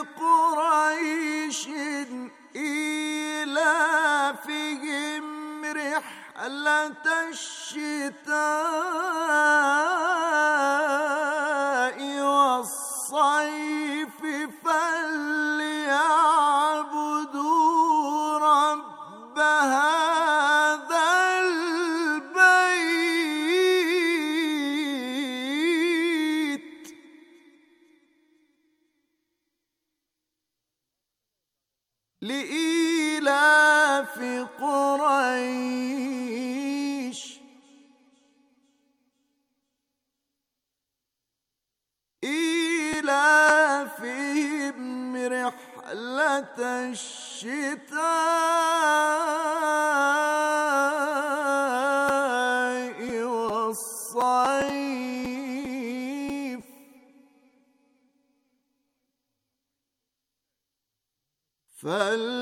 قريش إيلافهم رحلة الشتاء والصيف فلي الشتاء والصيف فال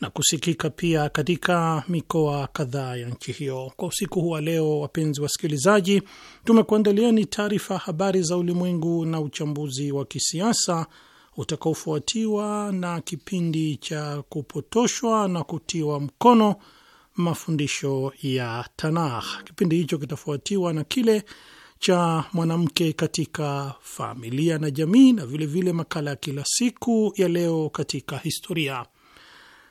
na kusikika pia katika mikoa kadhaa ya nchi hiyo. Kwa usiku huu wa leo, wapenzi wasikilizaji, ni taarifa habari za ulimwengu na uchambuzi wa kisiasa utakaofuatiwa na kipindi cha kupotoshwa na kutiwa mkono mafundisho ya Tanakh. Kipindi hicho kitafuatiwa na kile cha mwanamke katika familia na jamii, na vilevile vile makala ya kila siku ya leo katika historia.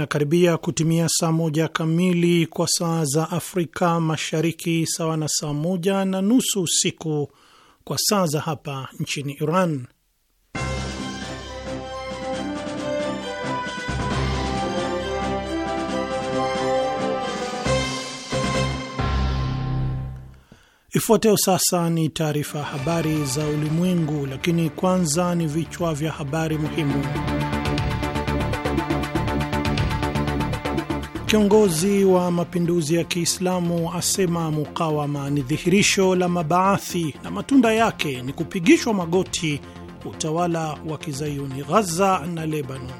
inakaribia kutimia saa moja kamili kwa saa za Afrika Mashariki, sawa na saa moja na nusu usiku kwa saa za hapa nchini Iran. Ifuatayo sasa ni taarifa habari za ulimwengu, lakini kwanza ni vichwa vya habari muhimu. Kiongozi wa mapinduzi ya Kiislamu asema mukawama ni dhihirisho la mabaathi na matunda yake ni kupigishwa magoti utawala wa kizayuni Ghaza na Lebanon.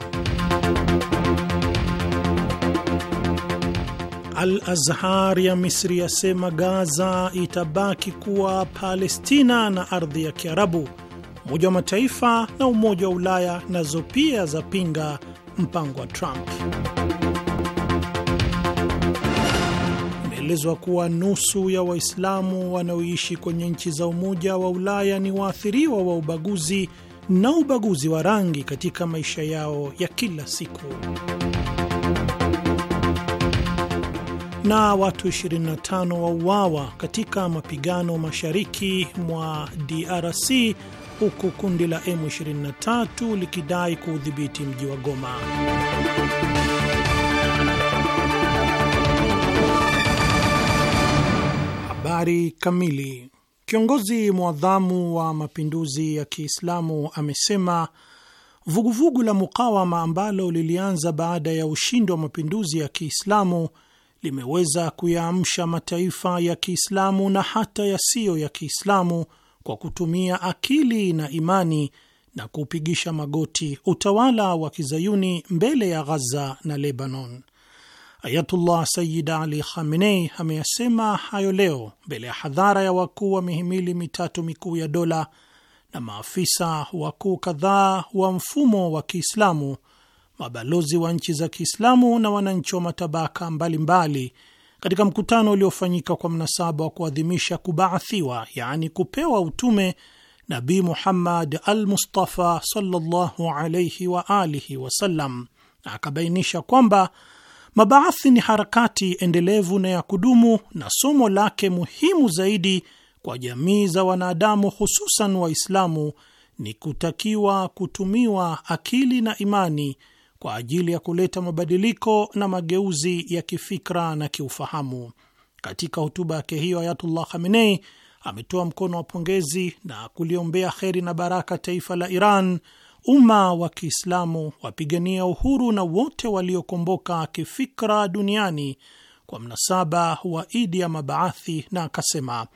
Al Azhar ya Misri yasema Gaza itabaki kuwa Palestina na ardhi ya Kiarabu. Umoja wa Mataifa na Umoja wa Ulaya nazo pia zapinga mpango wa Trump. Inaelezwa kuwa nusu ya Waislamu wanaoishi kwenye nchi za Umoja wa Ulaya ni waathiriwa wa ubaguzi na ubaguzi wa rangi katika maisha yao ya kila siku. Na watu 25 wauawa katika mapigano mashariki mwa DRC huku kundi la M23 likidai kuudhibiti mji wa Goma. habari kamili. Kiongozi mwadhamu wa mapinduzi ya Kiislamu amesema vuguvugu la mukawama ambalo lilianza baada ya ushindi wa mapinduzi ya Kiislamu limeweza kuyaamsha mataifa ya Kiislamu na hata yasiyo ya Kiislamu kwa kutumia akili na imani na kupigisha magoti utawala wa kizayuni mbele ya Ghaza na Lebanon. Ayatullah Sayyid Ali Khamenei ameyasema hayo leo mbele ya hadhara ya wakuu wa mihimili mitatu mikuu ya dola na maafisa wakuu kadhaa wa mfumo wa Kiislamu, mabalozi wa nchi za Kiislamu na wananchi wa matabaka mbalimbali mbali, katika mkutano uliofanyika kwa mnasaba wa kuadhimisha kubaathiwa, yaani kupewa utume Nabi Muhammad al Mustafa sallallahu alaihi wa alihi wasallam, na akabainisha kwamba Mabaathi ni harakati endelevu na ya kudumu, na somo lake muhimu zaidi kwa jamii za wanadamu, hususan Waislamu, ni kutakiwa kutumiwa akili na imani kwa ajili ya kuleta mabadiliko na mageuzi ya kifikra na kiufahamu. Katika hotuba yake hiyo, Ayatullah Khamenei ametoa mkono wa pongezi na kuliombea kheri na baraka taifa la Iran umma wa Kiislamu, wapigania uhuru na wote waliokomboka kifikra duniani kwa mnasaba wa Idi ya Mabaathi, na akasema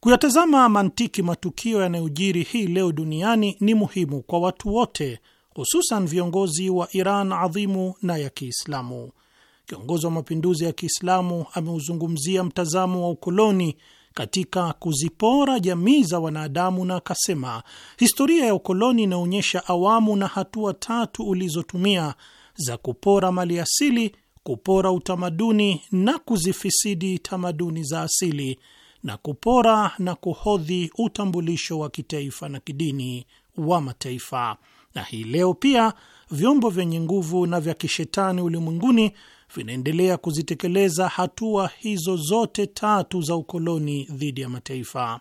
kuyatazama mantiki matukio yanayojiri hii leo duniani ni muhimu kwa watu wote, hususan viongozi wa Iran adhimu na ya Kiislamu. Kiongozi wa mapinduzi ya Kiislamu ameuzungumzia mtazamo wa ukoloni katika kuzipora jamii za wanadamu, na akasema historia ya ukoloni inaonyesha awamu na hatua tatu ulizotumia za kupora mali asili, kupora utamaduni na kuzifisidi tamaduni za asili, na kupora na kuhodhi utambulisho wa kitaifa na kidini wa mataifa. Na hii leo pia vyombo vyenye nguvu na vya kishetani ulimwenguni vinaendelea kuzitekeleza hatua hizo zote tatu za ukoloni dhidi ya mataifa.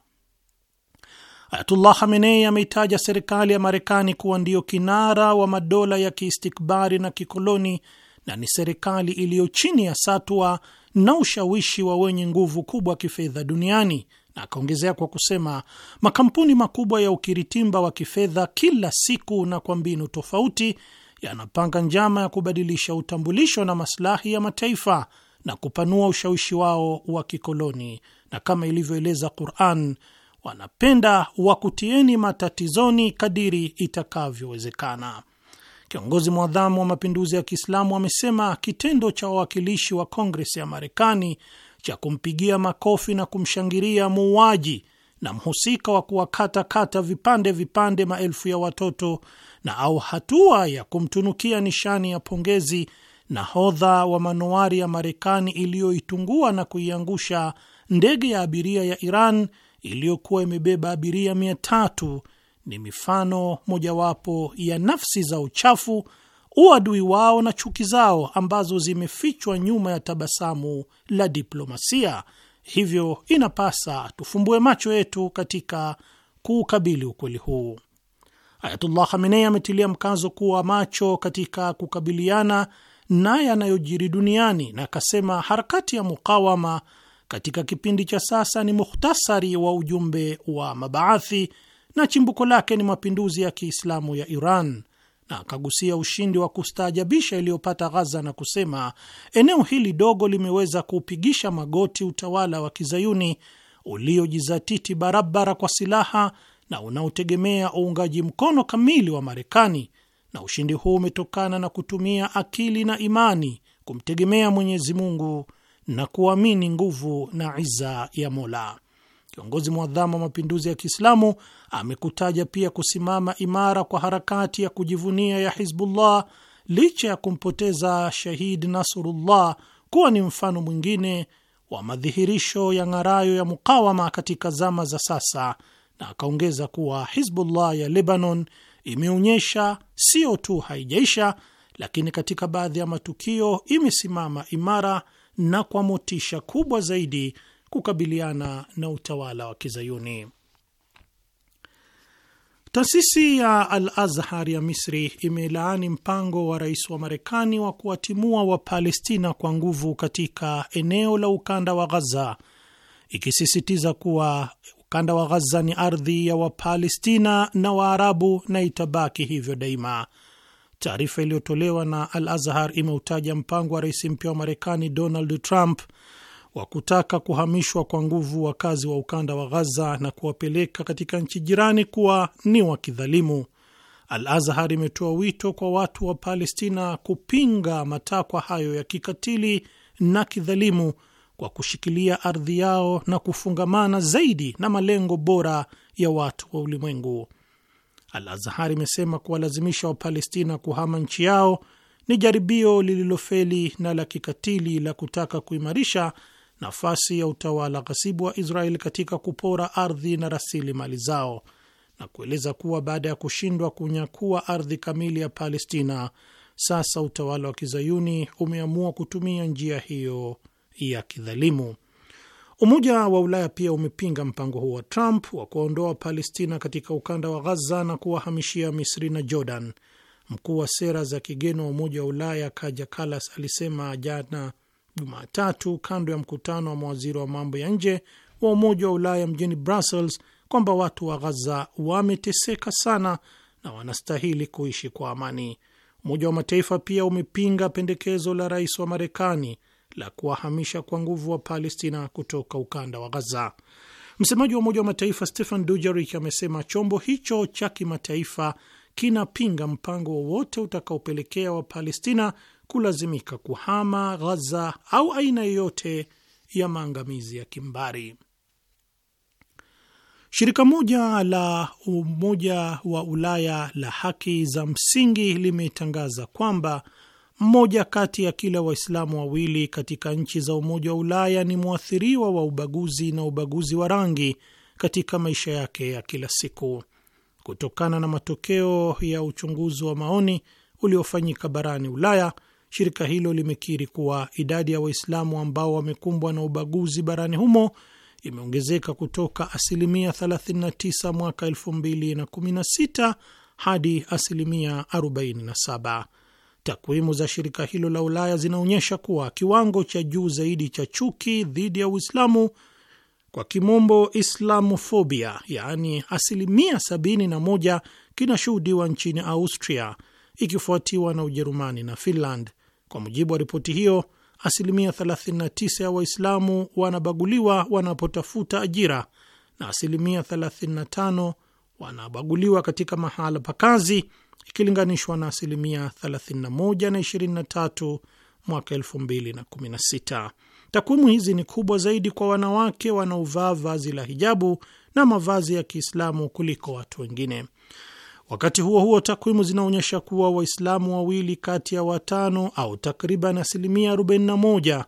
Ayatullah Hamenei ameitaja serikali ya Marekani kuwa ndiyo kinara wa madola ya kiistikbari na kikoloni na ni serikali iliyo chini ya satwa na ushawishi wa wenye nguvu kubwa kifedha duniani, na akaongezea kwa kusema makampuni makubwa ya ukiritimba wa kifedha kila siku na kwa mbinu tofauti yanapanga njama ya kubadilisha utambulisho na maslahi ya mataifa na kupanua ushawishi wao wa kikoloni, na kama ilivyoeleza Quran, wanapenda wakutieni matatizoni kadiri itakavyowezekana. Kiongozi mwadhamu wa mapinduzi ya Kiislamu amesema kitendo cha wawakilishi wa kongres ya Marekani cha kumpigia makofi na kumshangiria muuaji na mhusika wa kuwakatakata vipande vipande maelfu ya watoto na au hatua ya kumtunukia nishani ya pongezi nahodha wa manowari ya Marekani iliyoitungua na kuiangusha ndege ya abiria ya Iran iliyokuwa imebeba abiria mia tatu ni mifano mojawapo ya nafsi za uchafu, uadui wao na chuki zao ambazo zimefichwa nyuma ya tabasamu la diplomasia. Hivyo inapasa tufumbue macho yetu katika kuukabili ukweli huu. Ayatullah Khamenei ametilia mkazo kuwa macho katika kukabiliana na yanayojiri duniani na akasema harakati ya mukawama katika kipindi cha sasa ni muhtasari wa ujumbe wa mabaathi na chimbuko lake ni mapinduzi ya Kiislamu ya Iran, na akagusia ushindi wa kustaajabisha iliyopata Ghaza na kusema eneo hili dogo limeweza kuupigisha magoti utawala wa kizayuni uliojizatiti barabara kwa silaha na unaotegemea uungaji mkono kamili wa Marekani, na ushindi huu umetokana na kutumia akili na imani kumtegemea Mwenyezi Mungu na kuamini nguvu na iza ya Mola. Kiongozi mwadhamu wa mapinduzi ya Kiislamu amekutaja pia kusimama imara kwa harakati ya kujivunia ya Hizbullah licha ya kumpoteza shahid Nasrullah kuwa ni mfano mwingine wa madhihirisho ya ng'arayo ya mukawama katika zama za sasa na akaongeza kuwa Hizbullah ya Lebanon imeonyesha sio tu haijaisha, lakini katika baadhi ya matukio imesimama imara na kwa motisha kubwa zaidi kukabiliana na utawala wa Kizayuni. Taasisi ya Al Azhar ya Misri imelaani mpango wa rais wa Marekani wa kuwatimua Wapalestina kwa nguvu katika eneo la ukanda wa Ghaza, ikisisitiza kuwa Ukanda wa Ghaza ni ardhi ya Wapalestina na Waarabu na itabaki hivyo daima. Taarifa iliyotolewa na Al Azhar imeutaja mpango wa rais mpya wa Marekani Donald Trump wa kutaka kuhamishwa kwa nguvu wakazi wa ukanda wa Ghaza na kuwapeleka katika nchi jirani kuwa ni wa kidhalimu. Al Azhar imetoa wito kwa watu wa Palestina kupinga matakwa hayo ya kikatili na kidhalimu kwa kushikilia ardhi yao na kufungamana zaidi na malengo bora ya watu wa ulimwengu. Al-Azhar imesema kuwalazimisha Wapalestina kuhama nchi yao ni jaribio lililofeli na la kikatili la kutaka kuimarisha nafasi ya utawala ghasibu wa Israeli katika kupora ardhi na rasilimali zao na kueleza kuwa baada ya kushindwa kunyakua ardhi kamili ya Palestina, sasa utawala wa kizayuni umeamua kutumia njia hiyo ya kidhalimu. Umoja wa Ulaya pia umepinga mpango huo wa Trump wa kuwaondoa Palestina katika ukanda wa Ghaza na kuwahamishia Misri na Jordan. Mkuu wa sera za kigeni wa Umoja wa Ulaya Kaja Kalas alisema jana Jumatatu kando ya mkutano wa mawaziri wa mambo ya nje wa Umoja wa Ulaya mjini Brussels kwamba watu wa Ghaza wameteseka sana na wanastahili kuishi kwa amani. Umoja wa Mataifa pia umepinga pendekezo la rais wa Marekani la kuwahamisha kwa nguvu wa Palestina kutoka ukanda wa Ghaza. Msemaji wa Umoja wa Mataifa Stephen Dujarric amesema chombo hicho cha kimataifa kinapinga mpango wowote utakaopelekea Wapalestina kulazimika kuhama Ghaza au aina yoyote ya maangamizi ya kimbari. Shirika moja la Umoja wa Ulaya la haki za msingi limetangaza kwamba mmoja kati ya kila Waislamu wawili katika nchi za Umoja wa Ulaya ni mwathiriwa wa ubaguzi na ubaguzi wa rangi katika maisha yake ya kila siku. Kutokana na matokeo ya uchunguzi wa maoni uliofanyika barani Ulaya, shirika hilo limekiri kuwa idadi ya Waislamu ambao wamekumbwa na ubaguzi barani humo imeongezeka kutoka asilimia 39 mwaka 2016 hadi asilimia 47. Takwimu za shirika hilo la Ulaya zinaonyesha kuwa kiwango cha juu zaidi cha chuki dhidi ya Uislamu, kwa kimombo islamofobia, yaani asilimia 71 kinashuhudiwa nchini Austria, ikifuatiwa na Ujerumani na Finland. Kwa mujibu wa ripoti hiyo, asilimia 39 ya Waislamu wanabaguliwa wanapotafuta ajira na asilimia 35 wanabaguliwa katika mahala pa kazi ikilinganishwa na asilimia 31 na 23 mwaka 2016. Takwimu hizi ni kubwa zaidi kwa wanawake wanaovaa vazi la hijabu na mavazi ya Kiislamu kuliko watu wengine. Wakati huo huo, takwimu zinaonyesha kuwa Waislamu wawili kati ya watano au takriban asilimia 41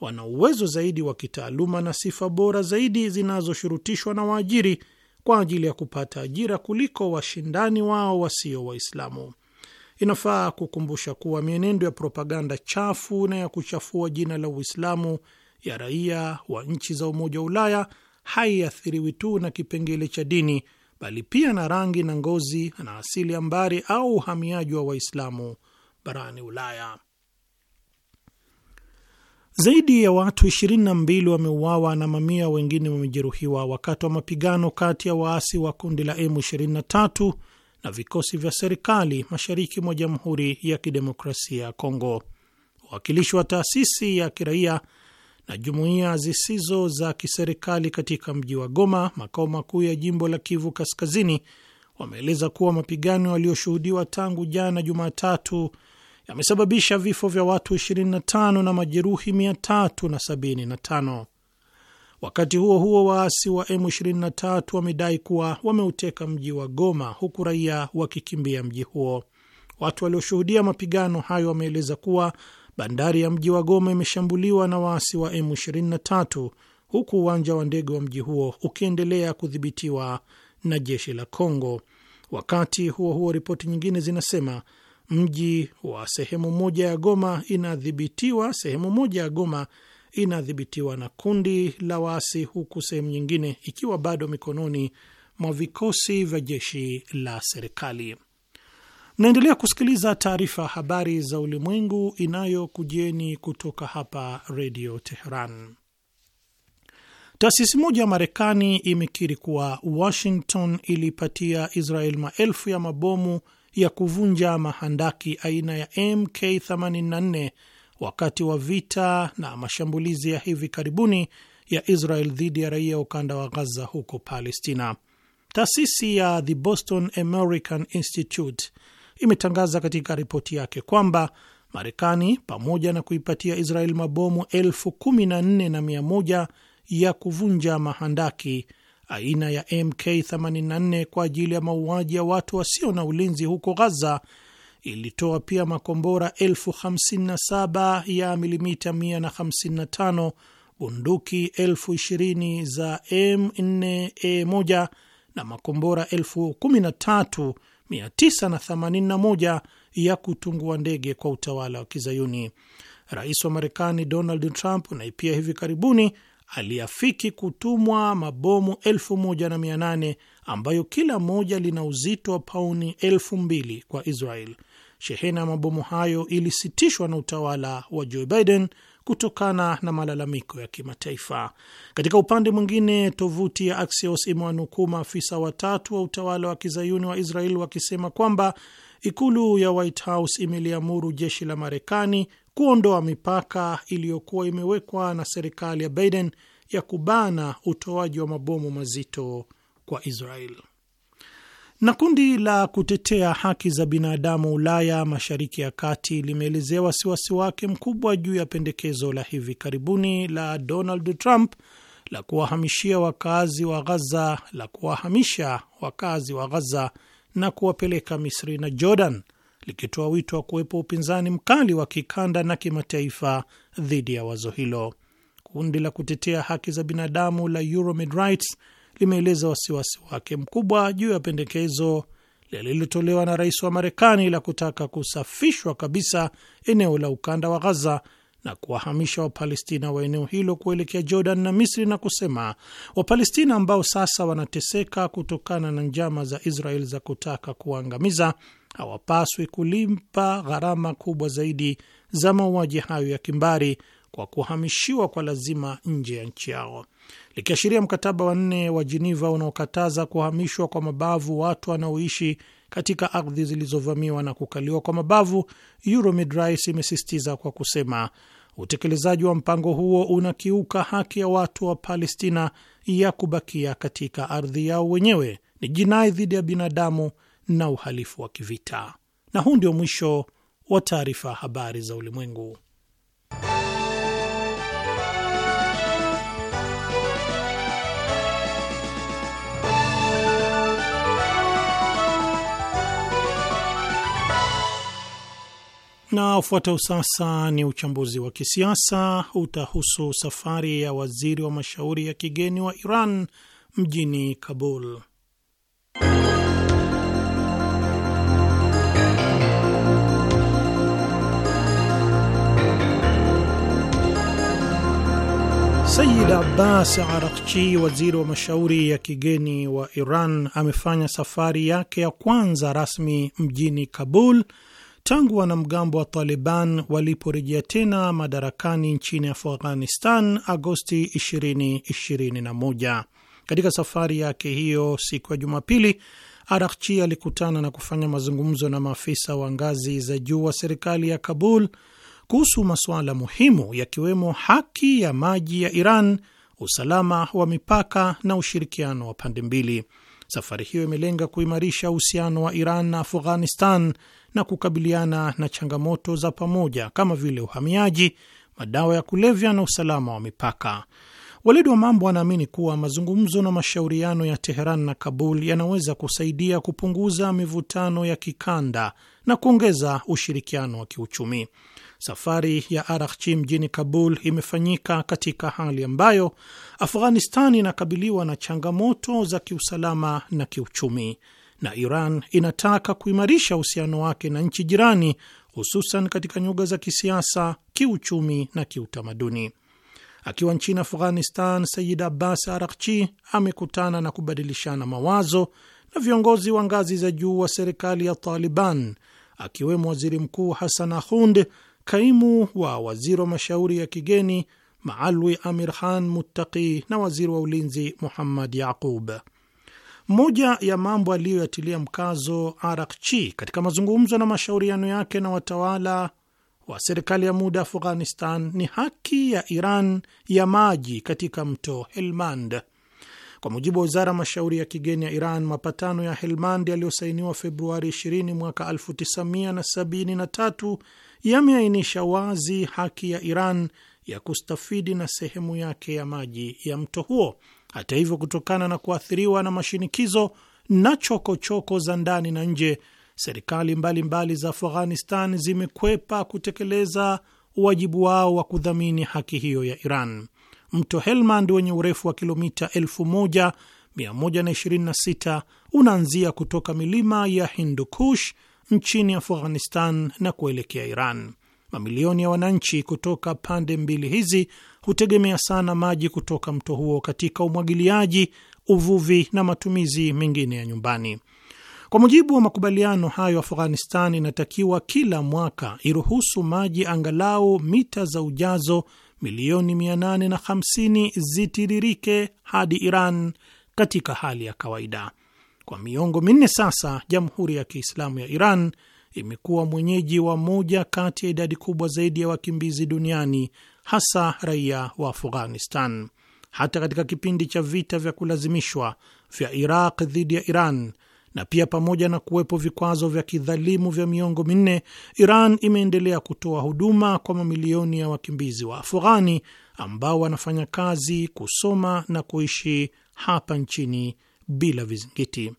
wana uwezo zaidi wa kitaaluma na sifa bora zaidi zinazoshurutishwa na waajiri kwa ajili ya kupata ajira kuliko washindani wao wasio Waislamu. Inafaa kukumbusha kuwa mienendo ya propaganda chafu na ya kuchafua jina la Uislamu ya raia wa nchi za Umoja wa Ulaya haiathiriwi tu na kipengele cha dini, bali pia na rangi na ngozi na asili ya mbari au uhamiaji wa Waislamu barani Ulaya. Zaidi ya watu 22 wameuawa na mamia wengine wamejeruhiwa wakati wa mapigano kati ya waasi wa kundi la M23 na vikosi vya serikali mashariki mwa Jamhuri ya Kidemokrasia ya Kongo. Wawakilishi wa taasisi ya kiraia na jumuiya zisizo za kiserikali katika mji wa Goma, makao makuu ya jimbo la Kivu Kaskazini, wameeleza kuwa mapigano yaliyoshuhudiwa tangu jana Jumatatu yamesababisha vifo vya watu 25 na majeruhi 375. Wakati huo huo, waasi wa M23 wamedai kuwa wameuteka mji wa Goma huku raia wakikimbia mji huo. Watu walioshuhudia mapigano hayo wameeleza kuwa bandari ya mji wa Goma imeshambuliwa na waasi wa M23 huku uwanja wa ndege wa mji huo ukiendelea kudhibitiwa na jeshi la congo Wakati huo huo, ripoti nyingine zinasema mji wa sehemu moja ya Goma inadhibitiwa sehemu moja ya Goma inadhibitiwa na kundi la waasi, huku sehemu nyingine ikiwa bado mikononi mwa vikosi vya jeshi la serikali. Mnaendelea kusikiliza taarifa ya habari za ulimwengu inayokujieni kutoka hapa Redio Teheran. Taasisi moja ya Marekani imekiri kuwa Washington ilipatia Israel maelfu ya mabomu ya kuvunja mahandaki aina ya MK84 wakati wa vita na mashambulizi ya hivi karibuni ya Israel dhidi ya raia ukanda wa Gaza huko Palestina. Taasisi ya the Boston American Institute imetangaza katika ripoti yake kwamba Marekani pamoja na kuipatia Israel mabomu elfu kumi na nne na mia moja ya kuvunja mahandaki aina ya MK84 kwa ajili ya mauaji ya watu wasio na ulinzi huko Ghaza ilitoa pia makombora 57 ya milimita 155, bunduki 20 za M4A1 e na makombora elfu 13981 ya kutungua ndege kwa utawala wa Kizayuni. Rais wa Marekani Donald Trump naye pia hivi karibuni aliafiki kutumwa mabomu elfu moja na mia nane ambayo kila moja lina uzito wa pauni elfu mbili kwa Israel. Shehena ya mabomu hayo ilisitishwa na utawala wa Joe Biden kutokana na malalamiko ya kimataifa. Katika upande mwingine, tovuti ya Axios imewanukuu maafisa watatu wa utawala wa kizayuni wa Israel wakisema kwamba ikulu ya White House imeliamuru jeshi la Marekani kuondoa mipaka iliyokuwa imewekwa na serikali ya Biden ya kubana utoaji wa mabomu mazito kwa Israel. Na kundi la kutetea haki za binadamu Ulaya Mashariki ya Kati limeelezea wasiwasi wake mkubwa juu ya pendekezo la hivi karibuni la Donald Trump la kuwahamishia wakazi wa Ghaza, la kuwahamisha wakazi wa ghaza na kuwapeleka Misri na Jordan likitoa wito wa kuwepo upinzani mkali wa kikanda na kimataifa dhidi ya wazo hilo. Kundi la kutetea haki za binadamu la Euromed Rights limeeleza wasiwasi wake mkubwa juu ya pendekezo lililotolewa na rais wa Marekani la kutaka kusafishwa kabisa eneo la ukanda wa Ghaza na kuwahamisha Wapalestina wa eneo hilo kuelekea Jordan na Misri, na kusema Wapalestina ambao sasa wanateseka kutokana na njama za Israel za kutaka kuwaangamiza hawapaswi kulimpa gharama kubwa zaidi za mauaji hayo ya kimbari kwa kuhamishiwa kwa lazima nje ya nchi yao, likiashiria mkataba wa nne wa Jeneva unaokataza kuhamishwa kwa mabavu watu wanaoishi katika ardhi zilizovamiwa na kukaliwa kwa mabavu. Euromid imesistiza imesisitiza kwa kusema utekelezaji wa mpango huo unakiuka haki ya watu wa Palestina ya kubakia katika ardhi yao wenyewe, ni jinai dhidi ya binadamu na uhalifu wa kivita. Na huu ndio mwisho wa taarifa ya habari za ulimwengu. Na ufuatao sasa ni uchambuzi wa kisiasa, utahusu safari ya waziri wa mashauri ya kigeni wa Iran mjini Kabul. Sayid Abbas Arakchi, waziri wa mashauri ya kigeni wa Iran, amefanya safari yake ya kwanza rasmi mjini Kabul tangu wanamgambo wa Taliban waliporejea tena madarakani nchini Afghanistan Agosti 2021. Katika safari yake hiyo siku ya Jumapili, Arakchi alikutana na kufanya mazungumzo na maafisa wa ngazi za juu wa serikali ya Kabul kuhusu masuala muhimu yakiwemo haki ya maji ya Iran, usalama wa mipaka na ushirikiano wa pande mbili. Safari hiyo imelenga kuimarisha uhusiano wa Iran na Afghanistan na kukabiliana na changamoto za pamoja kama vile uhamiaji, madawa ya kulevya na usalama wa mipaka. Waledi wa mambo wanaamini kuwa mazungumzo na mashauriano ya Teheran na Kabul yanaweza kusaidia kupunguza mivutano ya kikanda na kuongeza ushirikiano wa kiuchumi. Safari ya Arakchi mjini Kabul imefanyika katika hali ambayo Afghanistan inakabiliwa na changamoto za kiusalama na kiuchumi, na Iran inataka kuimarisha uhusiano wake na nchi jirani, hususan katika nyuga za kisiasa, kiuchumi na kiutamaduni. Akiwa nchini Afghanistan, Sayid Abbas Arakchi amekutana na kubadilishana mawazo na viongozi wa ngazi za juu wa serikali ya Taliban akiwemo waziri mkuu Hasan Ahund kaimu wa waziri wa mashauri ya kigeni Maalwi Amir Khan Muttaqi na waziri wa ulinzi Muhammad Yaqub. Moja ya mambo aliyoyatilia mkazo Arakchi katika mazungumzo na mashauriano yake na watawala wa serikali ya muda Afghanistan ni haki ya Iran ya maji katika mto Helmand. Kwa mujibu wa wizara ya mashauri ya kigeni ya Iran, mapatano ya Helmand yaliyosainiwa Februari 20 mwaka 1973 yameainisha wazi haki ya Iran ya kustafidi na sehemu yake ya maji ya mto huo. Hata hivyo, kutokana na kuathiriwa na mashinikizo na chokochoko za ndani na nje, serikali mbalimbali mbali za Afghanistan zimekwepa kutekeleza wajibu wao wa kudhamini haki hiyo ya Iran. Mto Helmand wenye urefu wa kilomita 1126 unaanzia kutoka milima ya hindukush Kush nchini Afghanistan na kuelekea Iran. Mamilioni ya wananchi kutoka pande mbili hizi hutegemea sana maji kutoka mto huo katika umwagiliaji, uvuvi na matumizi mengine ya nyumbani. Kwa mujibu wa makubaliano hayo, Afghanistan inatakiwa kila mwaka iruhusu maji angalau mita za ujazo milioni 850 zitiririke hadi Iran katika hali ya kawaida. Kwa miongo minne sasa, Jamhuri ya Kiislamu ya Iran imekuwa mwenyeji wa moja kati ya idadi kubwa zaidi ya wakimbizi duniani, hasa raia wa Afghanistan. Hata katika kipindi cha vita vya kulazimishwa vya Iraq dhidi ya Iran na pia pamoja na kuwepo vikwazo vya kidhalimu vya miongo minne, Iran imeendelea kutoa huduma kwa mamilioni ya wakimbizi wa Afghani ambao wanafanya kazi, kusoma na kuishi hapa nchini bila vizingiti.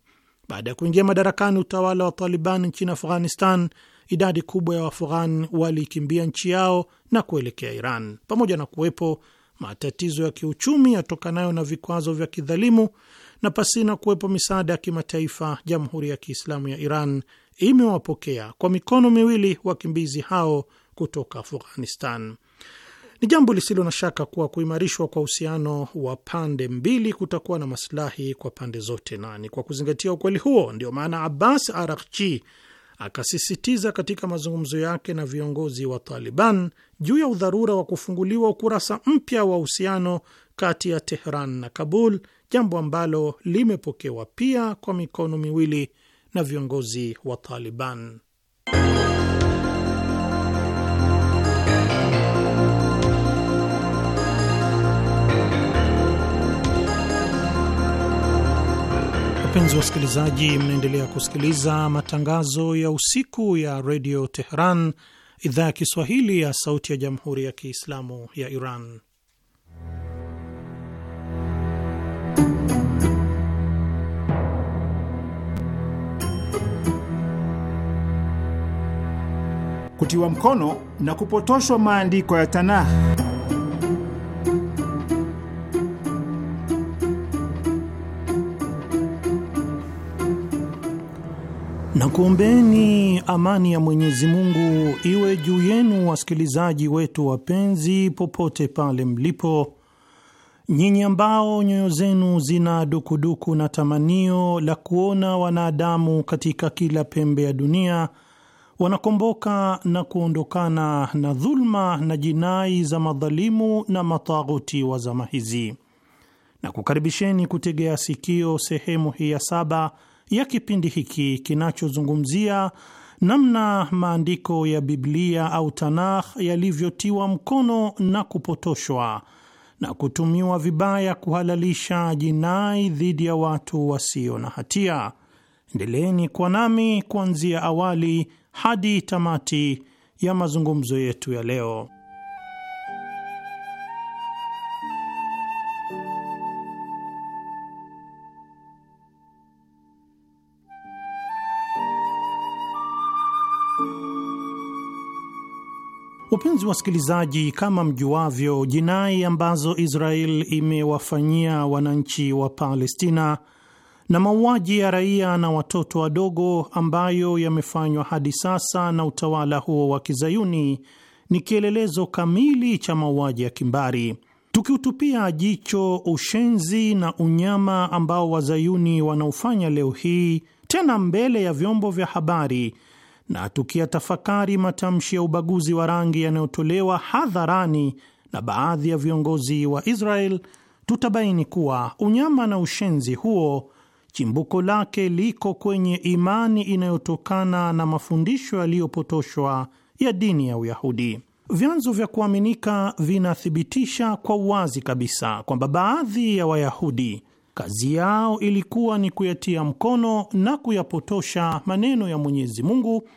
Baada ya kuingia madarakani utawala wa Taliban nchini Afghanistan, idadi kubwa ya Waafghan walikimbia nchi yao na kuelekea Iran. Pamoja na kuwepo matatizo ya kiuchumi yatokanayo na vikwazo vya kidhalimu na pasina kuwepo misaada ya kimataifa, Jamhuri ya Kiislamu ya Iran imewapokea kwa mikono miwili wakimbizi hao kutoka Afghanistan. Ni jambo lisilo na shaka kuwa kuimarishwa kwa uhusiano wa pande mbili kutakuwa na masilahi kwa pande zote, na ni kwa kuzingatia ukweli huo ndio maana Abbas Arakchi akasisitiza katika mazungumzo yake na viongozi wa Taliban juu ya udharura wa kufunguliwa ukurasa mpya wa uhusiano kati ya Tehran na Kabul, jambo ambalo limepokewa pia kwa mikono miwili na viongozi wa Taliban. Wapenzi wasikilizaji, mnaendelea kusikiliza matangazo ya usiku ya redio Teheran, idhaa ya Kiswahili ya sauti ya jamhuri ya Kiislamu ya Iran. Kutiwa mkono na kupotoshwa maandiko ya Tanakh na kuombeni amani ya Mwenyezi Mungu iwe juu yenu, wasikilizaji wetu wapenzi, popote pale mlipo, nyinyi ambao nyoyo zenu zina dukuduku na tamanio la kuona wanadamu katika kila pembe ya dunia wanakomboka na kuondokana na dhulma na jinai za madhalimu na mataghuti wa zama hizi, na kukaribisheni kutegea sikio sehemu hii ya saba ya kipindi hiki kinachozungumzia namna maandiko ya Biblia au Tanakh yalivyotiwa mkono na kupotoshwa na kutumiwa vibaya kuhalalisha jinai dhidi ya watu wasio na hatia. Endeleeni kwa nami kuanzia awali hadi tamati ya mazungumzo yetu ya leo. Wapenzi wasikilizaji, kama mjuavyo, jinai ambazo Israel imewafanyia wananchi wa Palestina na mauaji ya raia na watoto wadogo ambayo yamefanywa hadi sasa na utawala huo wa kizayuni ni kielelezo kamili cha mauaji ya kimbari. Tukiutupia jicho ushenzi na unyama ambao wazayuni wanaofanya leo hii, tena mbele ya vyombo vya habari na tukiyatafakari matamshi ya ubaguzi wa rangi yanayotolewa hadharani na baadhi ya viongozi wa Israel, tutabaini kuwa unyama na ushenzi huo chimbuko lake liko kwenye imani inayotokana na mafundisho yaliyopotoshwa ya dini ya Uyahudi. Vyanzo vya kuaminika vinathibitisha kwa uwazi kabisa kwamba baadhi ya Wayahudi kazi yao ilikuwa ni kuyatia mkono na kuyapotosha maneno ya Mwenyezi Mungu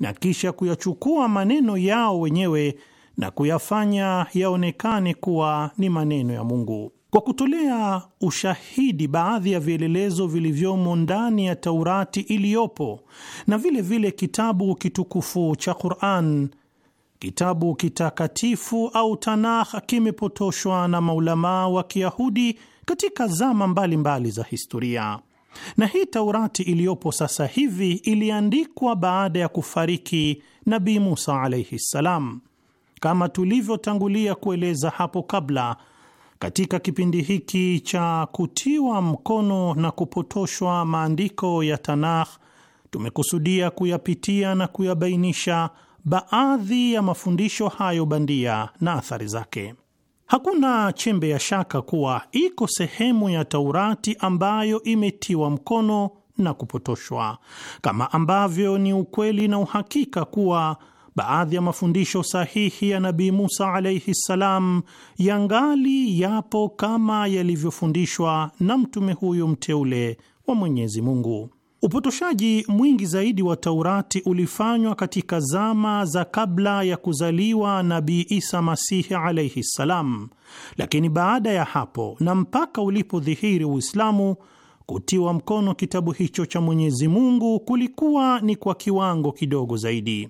na kisha kuyachukua maneno yao wenyewe na kuyafanya yaonekane kuwa ni maneno ya Mungu. Kwa kutolea ushahidi baadhi ya vielelezo vilivyomo ndani ya Taurati iliyopo na vile vile kitabu kitukufu cha Qur'an Kitabu kitakatifu au Tanakh kimepotoshwa na maulamaa wa Kiyahudi katika zama mbalimbali mbali za historia, na hii Taurati iliyopo sasa hivi iliandikwa baada ya kufariki Nabii Musa alaihi ssalam. Kama tulivyotangulia kueleza hapo kabla, katika kipindi hiki cha kutiwa mkono na kupotoshwa maandiko ya Tanakh tumekusudia kuyapitia na kuyabainisha baadhi ya mafundisho hayo bandia na athari zake. Hakuna chembe ya shaka kuwa iko sehemu ya Taurati ambayo imetiwa mkono na kupotoshwa, kama ambavyo ni ukweli na uhakika kuwa baadhi ya mafundisho sahihi ya Nabii Musa alaihi ssalam yangali yapo kama yalivyofundishwa na mtume huyu mteule wa Mwenyezi Mungu. Upotoshaji mwingi zaidi wa Taurati ulifanywa katika zama za kabla ya kuzaliwa Nabii Isa Masihi alaihi ssalam, lakini baada ya hapo na mpaka ulipodhihiri Uislamu, kutiwa mkono kitabu hicho cha Mwenyezi Mungu kulikuwa ni kwa kiwango kidogo zaidi.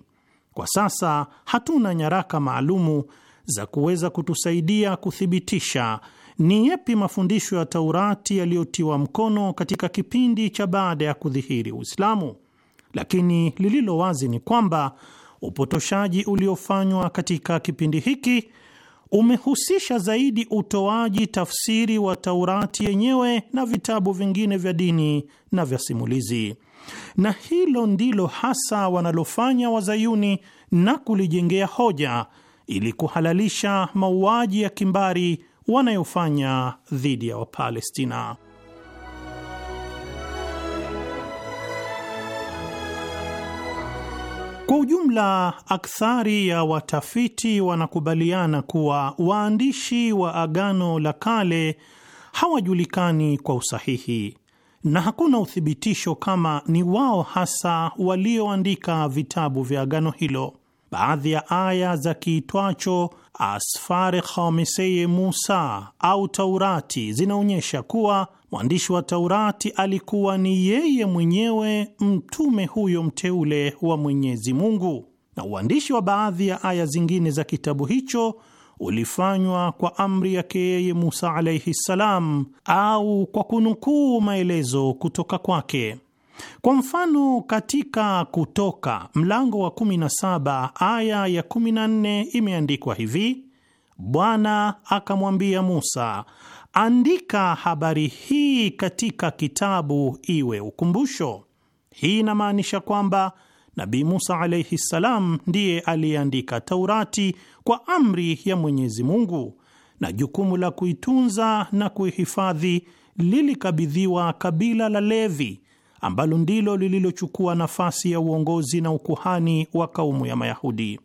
Kwa sasa hatuna nyaraka maalumu za kuweza kutusaidia kuthibitisha ni yepi mafundisho ya Taurati yaliyotiwa mkono katika kipindi cha baada ya kudhihiri Uislamu, lakini lililo wazi ni kwamba upotoshaji uliofanywa katika kipindi hiki umehusisha zaidi utoaji tafsiri wa Taurati yenyewe na vitabu vingine vya dini na vya simulizi, na hilo ndilo hasa wanalofanya Wazayuni na kulijengea hoja ili kuhalalisha mauaji ya kimbari wanayofanya dhidi ya Wapalestina. Kwa ujumla, akthari ya watafiti wanakubaliana kuwa waandishi wa Agano la Kale hawajulikani kwa usahihi na hakuna uthibitisho kama ni wao hasa walioandika vitabu vya agano hilo baadhi ya aya za kiitwacho asfari Khamiseye Musa au Taurati zinaonyesha kuwa mwandishi wa Taurati alikuwa ni yeye mwenyewe mtume huyo mteule wa Mwenyezi Mungu, na uandishi wa baadhi ya aya zingine za kitabu hicho ulifanywa kwa amri yake yeye Musa alaihi ssalam, au kwa kunukuu maelezo kutoka kwake. Kwa mfano katika Kutoka mlango wa 17 aya ya 14 imeandikwa hivi: Bwana akamwambia Musa, andika habari hii katika kitabu iwe ukumbusho. Hii inamaanisha kwamba Nabii Musa alaihi ssalam ndiye aliyeandika Taurati kwa amri ya Mwenyezi Mungu, na jukumu la kuitunza na kuihifadhi lilikabidhiwa kabila la Levi ambalo ndilo lililochukua nafasi ya uongozi na ukuhani wa kaumu ya Mayahudi.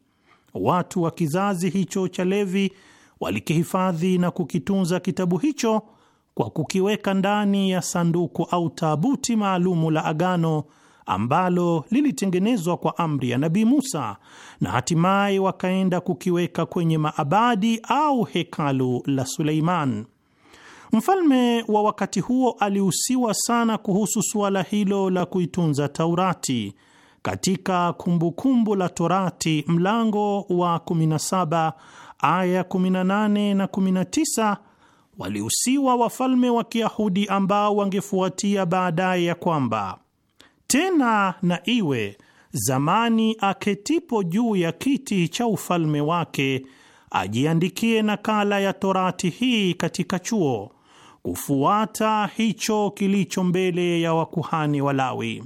Watu wa kizazi hicho cha Levi walikihifadhi na kukitunza kitabu hicho kwa kukiweka ndani ya sanduku au tabuti maalumu la agano ambalo lilitengenezwa kwa amri ya Nabii Musa na hatimaye wakaenda kukiweka kwenye maabadi au hekalu la Suleiman. Mfalme wa wakati huo alihusiwa sana kuhusu suala hilo la kuitunza Taurati. Katika Kumbukumbu kumbu la Torati mlango wa 17 aya 18 na 19, walihusiwa wafalme wa Kiyahudi ambao wangefuatia baadaye ya kwamba tena na iwe zamani aketipo juu ya kiti cha ufalme wake ajiandikie nakala ya Torati hii katika chuo kufuata hicho kilicho mbele ya wakuhani Walawi,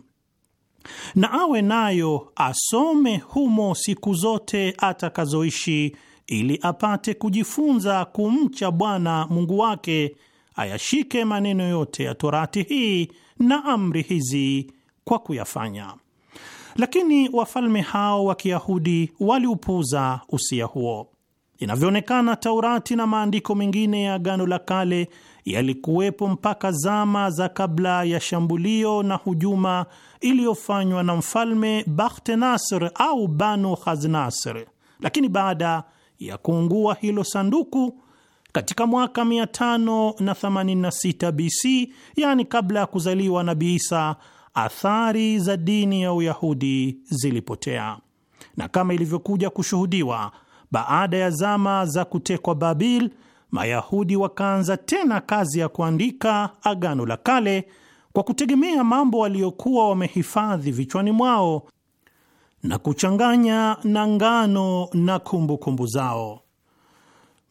na awe nayo asome humo siku zote atakazoishi, ili apate kujifunza kumcha Bwana Mungu wake, ayashike maneno yote ya Torati hii na amri hizi kwa kuyafanya. Lakini wafalme hao wa Kiyahudi waliupuuza usia huo. Inavyoonekana, Taurati na maandiko mengine ya Agano la Kale yalikuwepo mpaka zama za kabla ya shambulio na hujuma iliyofanywa na mfalme Bakhtenasr au Banu Khaznasr, lakini baada ya kuungua hilo sanduku katika mwaka 586 BC, yaani kabla ya kuzaliwa Nabi Isa, athari za dini ya Uyahudi zilipotea, na kama ilivyokuja kushuhudiwa baada ya zama za kutekwa Babil Mayahudi wakaanza tena kazi ya kuandika Agano la Kale kwa kutegemea mambo waliokuwa wamehifadhi vichwani mwao na kuchanganya na ngano na kumbukumbu kumbu zao.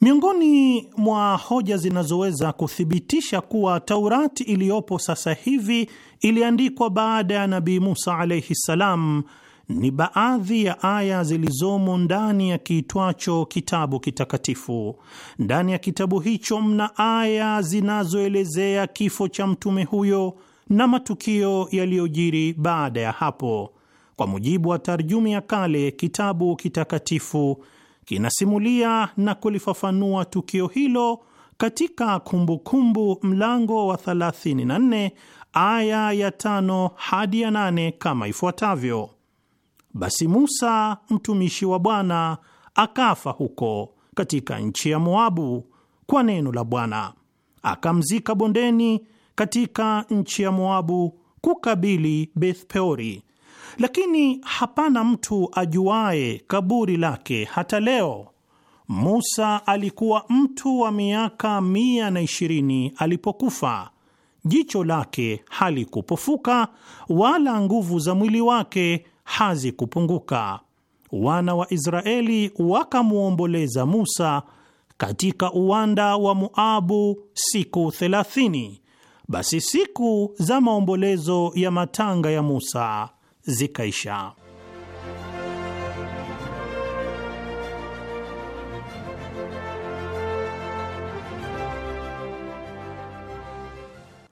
Miongoni mwa hoja zinazoweza kuthibitisha kuwa Taurati iliyopo sasa hivi iliandikwa baada ya Nabii Musa alaihi ssalam ni baadhi ya aya zilizomo ndani ya kiitwacho kitabu kitakatifu. Ndani ya kitabu hicho mna aya zinazoelezea kifo cha mtume huyo na matukio yaliyojiri baada ya hapo. Kwa mujibu wa tarjumi ya kale, kitabu kitakatifu kinasimulia na kulifafanua tukio hilo katika Kumbukumbu kumbu mlango wa 34 aya ya 5 hadi ya 8 kama ifuatavyo: basi Musa mtumishi wa Bwana akafa huko katika nchi ya Moabu kwa neno la Bwana, akamzika bondeni katika nchi ya Moabu kukabili Beth Peori, lakini hapana mtu ajuaye kaburi lake hata leo. Musa alikuwa mtu wa miaka mia na ishirini alipokufa. Jicho lake halikupofuka wala nguvu za mwili wake hazikupunguka. Wana wa Israeli wakamwomboleza Musa katika uwanda wa Moabu siku thelathini. Basi siku za maombolezo ya matanga ya Musa zikaisha.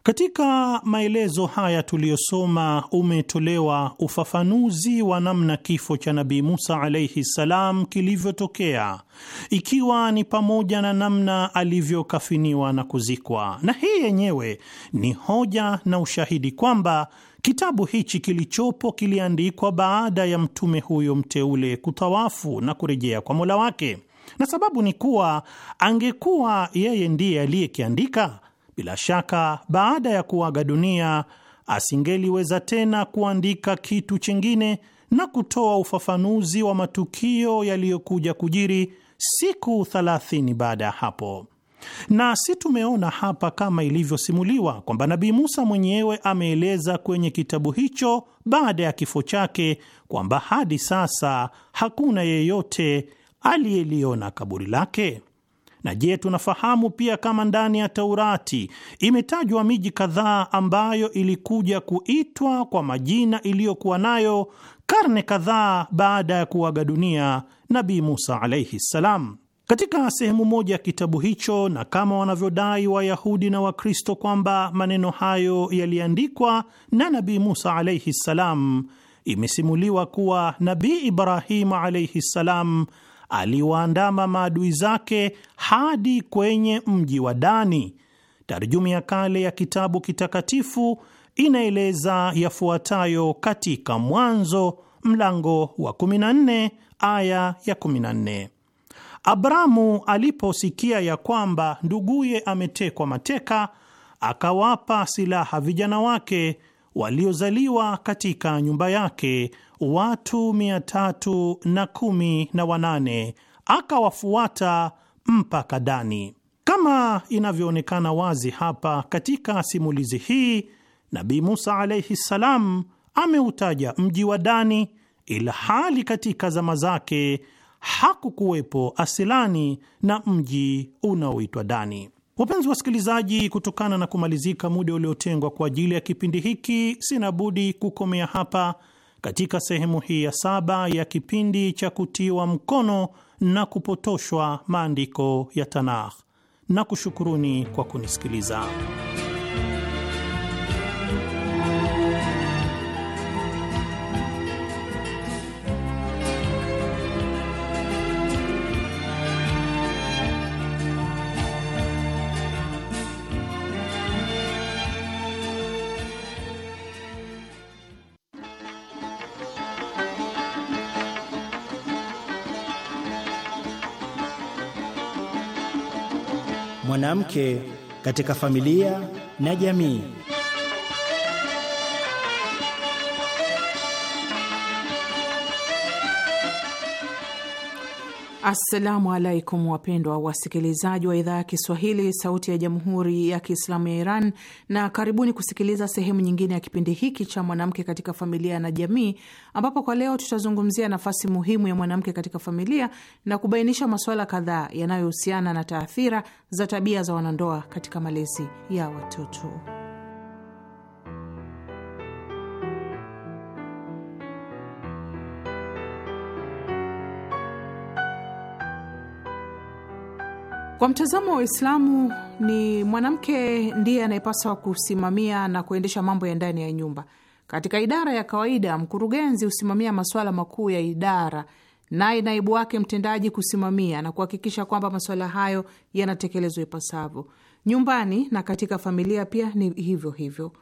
Katika maelezo haya tuliyosoma umetolewa ufafanuzi wa namna kifo cha Nabii Musa alaihi ssalam kilivyotokea, ikiwa ni pamoja na namna alivyokafiniwa na kuzikwa, na hii yenyewe ni hoja na ushahidi kwamba kitabu hichi kilichopo kiliandikwa baada ya mtume huyo mteule kutawafu na kurejea kwa Mola wake, na sababu ni kuwa angekuwa yeye ndiye aliyekiandika bila shaka baada ya kuaga dunia asingeliweza tena kuandika kitu chingine na kutoa ufafanuzi wa matukio yaliyokuja kujiri siku thalathini baada ya hapo. Na si tumeona hapa kama ilivyosimuliwa kwamba Nabii Musa mwenyewe ameeleza kwenye kitabu hicho baada ya kifo chake kwamba hadi sasa hakuna yeyote aliyeliona kaburi lake. Na je, tunafahamu pia kama ndani ya Taurati imetajwa miji kadhaa ambayo ilikuja kuitwa kwa majina iliyokuwa nayo karne kadhaa baada ya kuaga dunia Nabii Musa alaihi ssalam. Katika sehemu moja ya kitabu hicho, na kama wanavyodai Wayahudi na Wakristo kwamba maneno hayo yaliandikwa na Nabii Musa alaihi ssalam, imesimuliwa kuwa Nabii Ibrahimu alaihi ssalam aliwaandama maadui zake hadi kwenye mji wa Dani. Tarjumi ya kale ya kitabu kitakatifu inaeleza yafuatayo katika Mwanzo mlango wa 14 aya ya 14: Abramu aliposikia ya kwamba nduguye ametekwa mateka, akawapa silaha vijana wake waliozaliwa katika nyumba yake watu mia tatu na kumi na wanane akawafuata mpaka Dani. Kama inavyoonekana wazi hapa katika simulizi hii, nabi Musa alaihi ssalam ameutaja mji wa Dani, ila hali katika zama zake hakukuwepo asilani na mji unaoitwa Dani. Wapenzi wasikilizaji, kutokana na kumalizika muda uliotengwa kwa ajili ya kipindi hiki, sina budi kukomea hapa katika sehemu hii ya saba ya kipindi cha kutiwa mkono na kupotoshwa maandiko ya Tanakh na kushukuruni kwa kunisikiliza. mwanamke katika familia na jamii. Assalamu alaikum wapendwa wasikilizaji wa idhaa ya Kiswahili sauti ya jamhuri ya Kiislamu ya Iran, na karibuni kusikiliza sehemu nyingine ya kipindi hiki cha mwanamke katika familia na jamii, ambapo kwa leo tutazungumzia nafasi muhimu ya mwanamke katika familia na kubainisha masuala kadhaa yanayohusiana na taathira za tabia za wanandoa katika malezi ya watoto. Kwa mtazamo wa Uislamu, ni mwanamke ndiye anayepaswa kusimamia na kuendesha mambo ya ndani ya nyumba. Katika idara ya kawaida, mkurugenzi husimamia masuala makuu ya idara, naye naibu wake mtendaji kusimamia na kuhakikisha kwamba masuala hayo yanatekelezwa ipasavyo. Nyumbani na katika familia pia ni hivyo hivyo.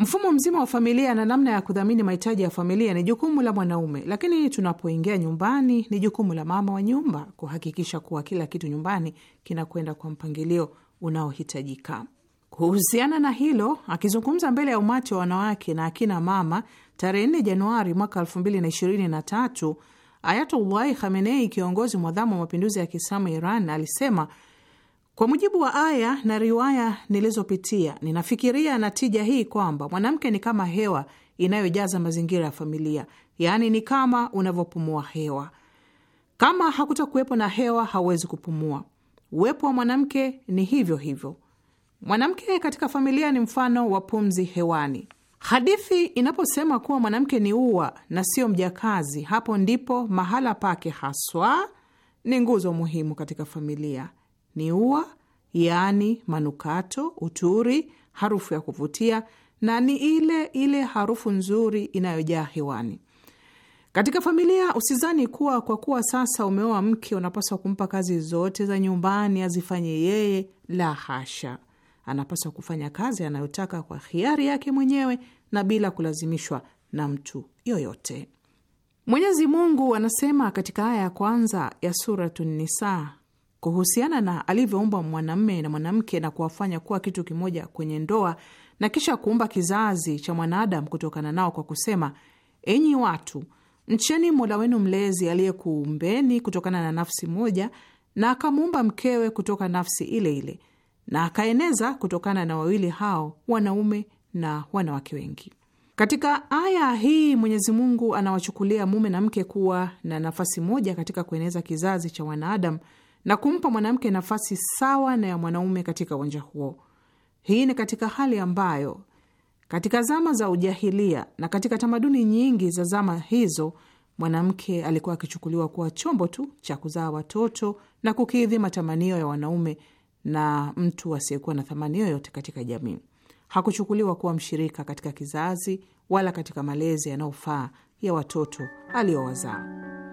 Mfumo mzima wa familia na namna ya kudhamini mahitaji ya familia ni jukumu la mwanaume, lakini tunapoingia nyumbani ni jukumu la mama wa nyumba kuhakikisha kuwa kila kitu nyumbani kinakwenda kwa mpangilio unaohitajika. Kuhusiana na hilo, akizungumza mbele ya umati wa wanawake na akina mama tarehe 4 Januari mwaka 2023, Ayatullahi Khamenei, kiongozi mwadhamu wa mapinduzi ya Kiislamu Iran, alisema kwa mujibu wa aya na riwaya nilizopitia, ninafikiria natija hii kwamba mwanamke ni kama hewa inayojaza mazingira ya familia, yaani ni kama unavyopumua hewa. Kama hakutakuwepo na hewa, hauwezi kupumua. Uwepo wa mwanamke ni hivyo hivyo. Mwanamke katika familia ni mfano wa pumzi hewani. Hadithi inaposema kuwa mwanamke ni ua na sio mjakazi, hapo ndipo mahala pake haswa ni nguzo muhimu katika familia ni ua, yaani manukato, uturi, harufu ya kuvutia na ni ile ile harufu nzuri inayojaa hewani. Katika familia, usizani kuwa kwa kuwa sasa umeoa mke unapaswa kumpa kazi zote za nyumbani azifanye yeye. La hasha, anapaswa kufanya kazi anayotaka kwa hiari yake mwenyewe na bila kulazimishwa na mtu yoyote. Mwenyezi Mungu anasema katika aya ya kwanza ya Suratu Nisa kuhusiana na alivyoumbwa mwanamme na mwanamke na kuwafanya kuwa kitu kimoja kwenye ndoa na kisha kuumba kizazi cha mwanadamu kutokana nao kwa kusema: enyi watu, mcheni Mola wenu mlezi aliyekuumbeni kutokana na nafsi moja, na akamuumba mkewe kutoka nafsi ile ile, na akaeneza kutokana na wawili hao wanaume na wanawake wengi. Katika aya hii Mwenyezi Mungu anawachukulia mume na mke kuwa na nafasi moja katika kueneza kizazi cha wanadamu na kumpa mwanamke nafasi sawa na ya mwanaume katika uwanja huo. Hii ni katika hali ambayo katika zama za ujahilia na katika tamaduni nyingi za zama hizo mwanamke alikuwa akichukuliwa kuwa chombo tu cha kuzaa watoto na kukidhi matamanio ya wanaume na mtu asiyekuwa na thamani yoyote katika jamii. Hakuchukuliwa kuwa mshirika katika kizazi wala katika malezi yanayofaa ya watoto aliyowazaa.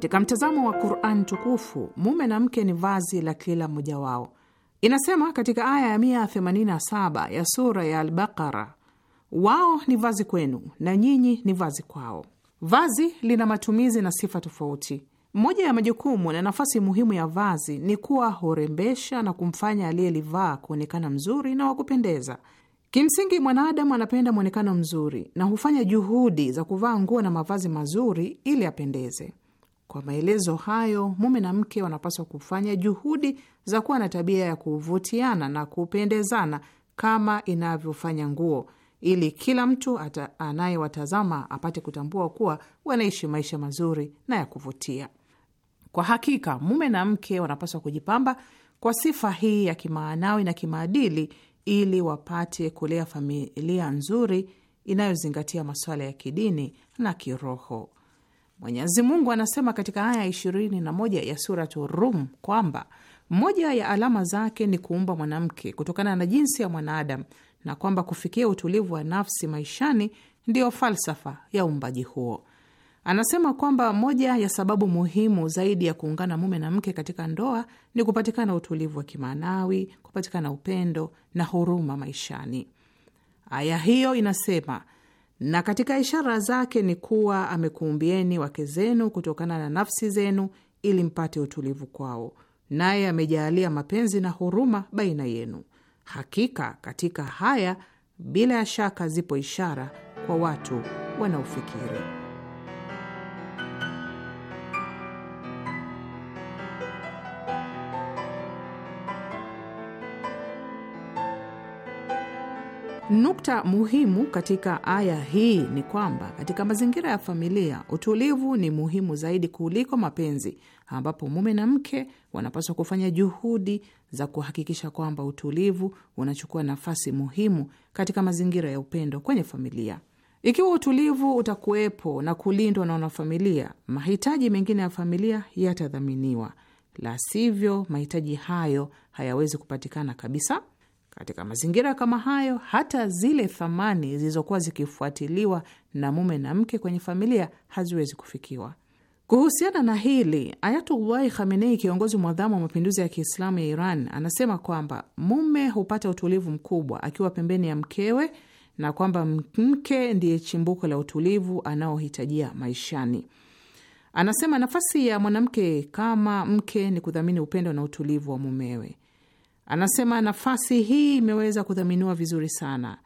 Katika mtazamo wa Qur'an tukufu, mume na mke ni vazi la kila mmoja wao. Inasema katika aya ya 187 ya sura ya al wao ni vazi kwenu na nyinyi ni vazi kwao. Vazi lina matumizi na sifa tofauti. Moja ya majukumu na nafasi muhimu ya vazi ni kuwa hurembesha na kumfanya aliyelivaa kuonekana mzuri na wa kupendeza. Kimsingi, mwanadamu anapenda mwonekano mzuri na hufanya juhudi za kuvaa nguo na mavazi mazuri ili apendeze. Kwa maelezo hayo, mume na mke wanapaswa kufanya juhudi za kuwa na tabia ya kuvutiana na kupendezana kama inavyofanya nguo, ili kila mtu anayewatazama apate kutambua kuwa wanaishi maisha mazuri na ya kuvutia. Kwa hakika, mume na mke wanapaswa kujipamba kwa sifa hii ya kimaanawi na kimaadili ili wapate kulea familia nzuri inayozingatia masuala ya kidini na kiroho. Mwenyezi Mungu anasema katika aya ishirini na moja ya Suratu Rum kwamba moja ya alama zake ni kuumba mwanamke kutokana na jinsi ya mwanadamu na kwamba kufikia utulivu wa nafsi maishani ndiyo falsafa ya uumbaji huo. Anasema kwamba moja ya sababu muhimu zaidi ya kuungana mume na mke katika ndoa ni kupatikana utulivu wa kimaanawi, kupatikana upendo na huruma maishani. Aya hiyo inasema na katika ishara zake ni kuwa amekuumbieni wake zenu kutokana na nafsi zenu ili mpate utulivu kwao, naye amejaalia mapenzi na huruma baina yenu. Hakika katika haya bila ya shaka zipo ishara kwa watu wanaofikiri. Nukta muhimu katika aya hii ni kwamba katika mazingira ya familia utulivu ni muhimu zaidi kuliko mapenzi, ambapo mume na mke wanapaswa kufanya juhudi za kuhakikisha kwamba utulivu unachukua nafasi muhimu katika mazingira ya upendo kwenye familia. Ikiwa utulivu utakuwepo na kulindwa na wanafamilia, mahitaji mengine ya familia yatadhaminiwa, la sivyo mahitaji hayo hayawezi kupatikana kabisa. Katika mazingira kama hayo, hata zile thamani zilizokuwa zikifuatiliwa na mume na mke kwenye familia haziwezi kufikiwa. Kuhusiana na hili, Ayatullahi Khamenei, kiongozi mwadhamu wa mapinduzi ya Kiislamu ya Iran, anasema kwamba mume hupata utulivu mkubwa akiwa pembeni ya mkewe na kwamba mke ndiye chimbuko la utulivu anaohitajia maishani. Anasema nafasi ya mwanamke kama mke ni kudhamini upendo na utulivu wa mumewe. Anasema nafasi hii imeweza kudhaminiwa vizuri sana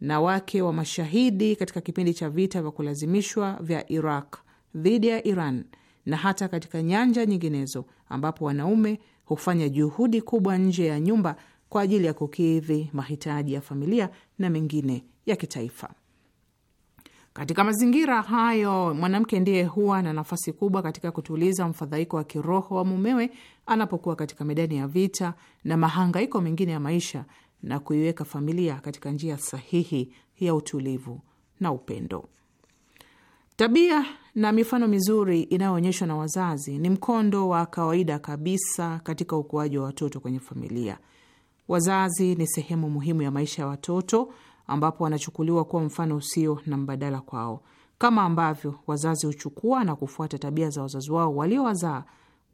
na wake wa mashahidi katika kipindi cha vita vya kulazimishwa vya Iraq dhidi ya Iran na hata katika nyanja nyinginezo ambapo wanaume hufanya juhudi kubwa nje ya nyumba kwa ajili ya kukidhi mahitaji ya familia na mengine ya kitaifa. Katika mazingira hayo, mwanamke ndiye huwa na nafasi kubwa katika kutuliza mfadhaiko wa kiroho wa mumewe anapokuwa katika medani ya vita na mahangaiko mengine ya maisha na kuiweka familia katika njia sahihi ya utulivu na upendo. Tabia na mifano mizuri inayoonyeshwa na wazazi ni mkondo wa kawaida kabisa katika ukuaji wa watoto kwenye familia. Wazazi ni sehemu muhimu ya maisha ya watoto ambapo wanachukuliwa kuwa mfano usio na mbadala kwao. Kama ambavyo wazazi huchukua na kufuata tabia za wazazi wao waliowazaa,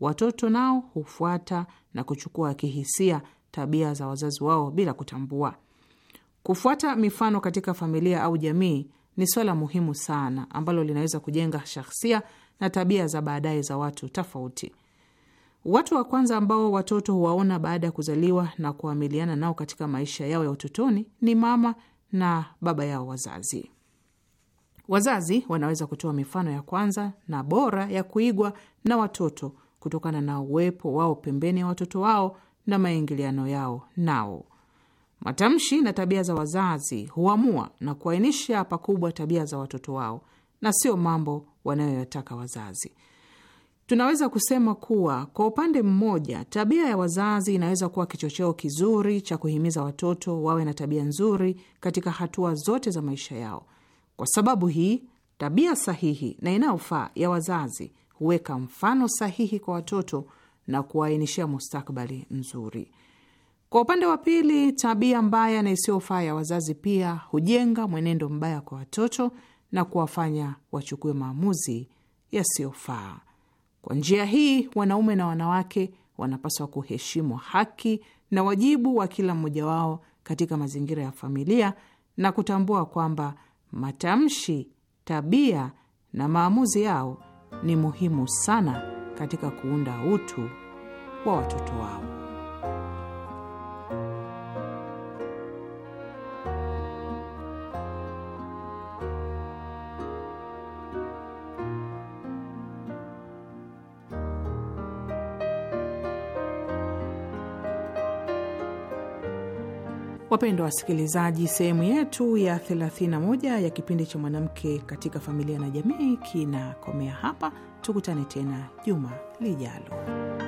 watoto nao hufuata na kuchukua kihisia tabia za wazazi wao bila kutambua. Kufuata mifano katika familia au jamii ni swala muhimu sana ambalo linaweza kujenga shahsia na tabia za baadaye za watu tofauti. Watu wa kwanza ambao watoto huwaona baada ya kuzaliwa na kuamiliana nao katika maisha yao ya utotoni ni mama na baba yao wazazi. Wazazi wanaweza kutoa mifano ya kwanza na bora ya kuigwa na watoto kutokana na uwepo wao pembeni ya watoto wao na maingiliano yao nao. Matamshi na tabia za wazazi huamua na kuainisha pakubwa tabia za watoto wao, na sio mambo wanayoyataka wazazi. Tunaweza kusema kuwa kwa upande mmoja, tabia ya wazazi inaweza kuwa kichocheo kizuri cha kuhimiza watoto wawe na tabia nzuri katika hatua zote za maisha yao. Kwa sababu hii, tabia sahihi na inayofaa ya wazazi huweka mfano sahihi kwa watoto na kuwaainishia mustakabali mzuri. Kwa upande wa pili, tabia mbaya na isiyofaa ya wazazi pia hujenga mwenendo mbaya kwa watoto na kuwafanya wachukue maamuzi yasiyofaa. Kwa njia hii wanaume na wanawake wanapaswa kuheshimu haki na wajibu wa kila mmoja wao katika mazingira ya familia na kutambua kwamba matamshi, tabia na maamuzi yao ni muhimu sana katika kuunda utu wa watoto wao. Wapendwa wasikilizaji, sehemu yetu ya 31 ya kipindi cha mwanamke katika familia na jamii kinakomea hapa. Tukutane tena juma lijalo.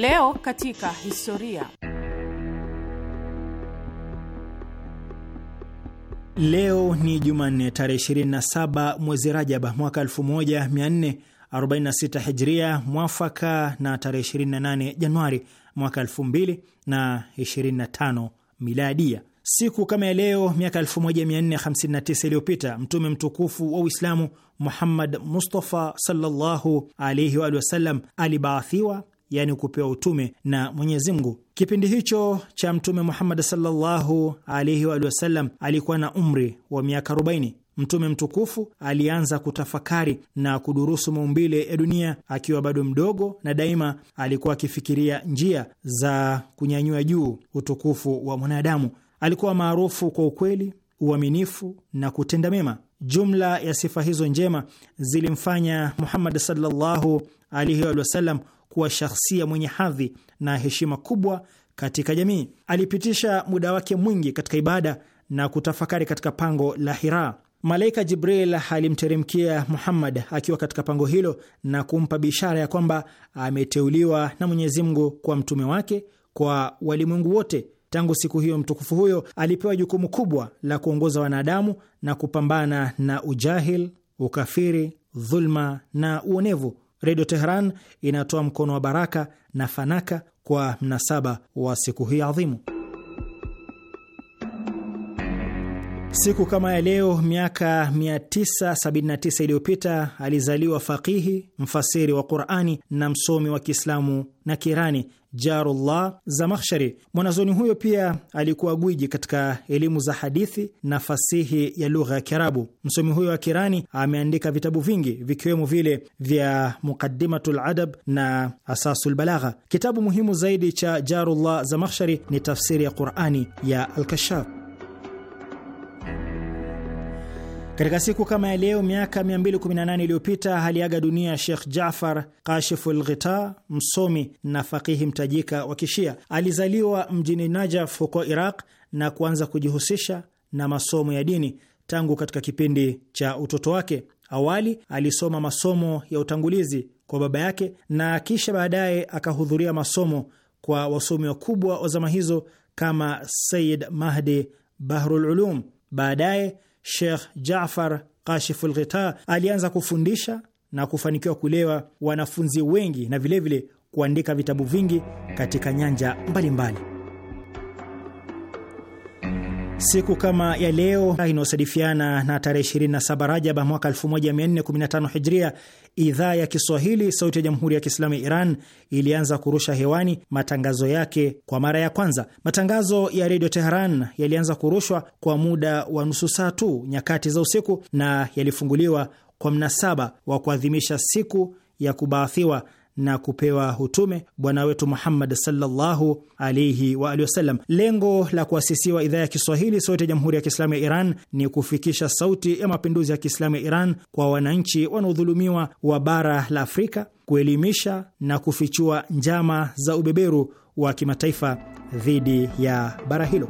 Leo katika historia. Leo ni Jumanne tarehe 27 mwezi Rajaba mwaka 1446 Hijria, mwafaka na tarehe 28 Januari mwaka 2025 Miladia. Siku kama ya leo miaka 1459 iliyopita mtume mtukufu wa Uislamu Muhammad Mustafa sallallahu alaihi wa alibaathiwa yani kupewa utume na Mwenyezi Mungu. Kipindi hicho cha Mtume Muhammad sallallahu alaihi wa sallam alikuwa na umri wa miaka 40. Mtume mtukufu alianza kutafakari na kudurusu maumbile ya dunia akiwa bado mdogo, na daima alikuwa akifikiria njia za kunyanyua juu utukufu wa mwanadamu. Alikuwa maarufu kwa ukweli, uaminifu na kutenda mema. Jumla ya sifa hizo njema zilimfanya Muhammad sallallahu alaihi wasallam kuwa shahsia mwenye hadhi na heshima kubwa katika jamii. Alipitisha muda wake mwingi katika ibada na kutafakari katika pango la Hira. Malaika Jibril alimteremkia Muhammad akiwa katika pango hilo na kumpa bishara ya kwamba ameteuliwa na Mwenyezi Mungu kwa mtume wake kwa walimwengu wote. Tangu siku hiyo mtukufu huyo alipewa jukumu kubwa la kuongoza wanadamu na kupambana na ujahil, ukafiri, dhulma na uonevu. Redio Teheran inatoa mkono wa baraka na fanaka kwa mnasaba wa siku hii adhimu. Siku kama ya leo miaka 979 iliyopita alizaliwa faqihi, mfasiri wa Qurani na msomi wa Kiislamu na Kirani Jarullah Zamakhshari. Mwanazoni huyo pia alikuwa gwiji katika elimu za hadithi na fasihi ya lugha ya Kiarabu. Msomi huyo wa Kirani ameandika vitabu vingi vikiwemo vile vya muqadimatu ladab na Asasu Lbalagha. Kitabu muhimu zaidi cha Jarullah Zamakhshari ni tafsiri ya Qurani ya alkashaf Katika siku kama ya leo miaka 218 iliyopita aliaga dunia shekh Jafar Kashiful Ghita, msomi na fakihi mtajika wa Kishia. Alizaliwa mjini Najaf huko Iraq na kuanza kujihusisha na masomo ya dini tangu katika kipindi cha utoto wake. Awali alisoma masomo ya utangulizi kwa baba yake na kisha baadaye akahudhuria masomo kwa wasomi wakubwa wa zama hizo kama Sayid Mahdi Bahrul Ulum. Baadaye Sheikh Jafar Kashiful Ghita alianza kufundisha na kufanikiwa kulewa wanafunzi wengi na vilevile vile kuandika vitabu vingi katika nyanja mbalimbali mbali. Siku kama ya leo inayosadifiana na tarehe 27 rajaba mwaka 1415 Hijria idhaa ya Kiswahili sauti ya Jamhuri ya Kiislamu ya Iran ilianza kurusha hewani matangazo yake kwa mara ya kwanza. Matangazo ya Redio Teheran yalianza kurushwa kwa muda wa nusu saa tu nyakati za usiku na yalifunguliwa kwa mnasaba wa kuadhimisha siku ya kubaathiwa na kupewa utume bwana wetu Muhammad sallallahu alaihi wa alihi wasallam. Lengo la kuasisiwa idhaa ya Kiswahili Sauti ya Jamhuri ya Kiislamu ya Iran ni kufikisha sauti ya mapinduzi ya Kiislamu ya Iran kwa wananchi wanaodhulumiwa wa bara la Afrika, kuelimisha na kufichua njama za ubeberu wa kimataifa dhidi ya bara hilo.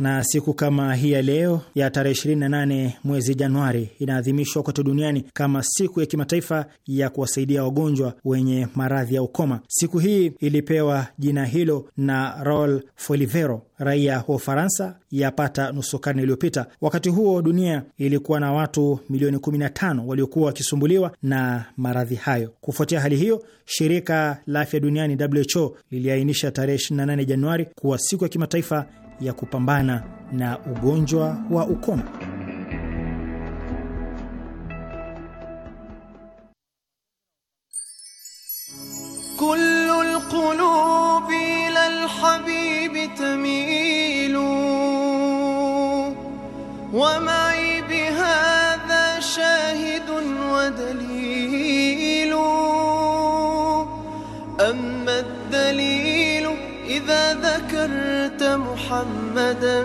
na siku kama hii ya leo ya tarehe 28 mwezi Januari inaadhimishwa kote duniani kama siku ya kimataifa ya kuwasaidia wagonjwa wenye maradhi ya ukoma. Siku hii ilipewa jina hilo na rol Folivero, raia wa Ufaransa yapata nusu karne iliyopita. Wakati huo dunia ilikuwa na watu milioni 15 waliokuwa wakisumbuliwa na maradhi hayo. Kufuatia hali hiyo, shirika la afya duniani WHO liliainisha tarehe 28 Januari kuwa siku ya kimataifa ya kupambana na ugonjwa wa ukoma. كل القلوب إلى الحبيب تميل ومعي بهذا شاهد ودليل أما الدليل إذا ذكرت محمدا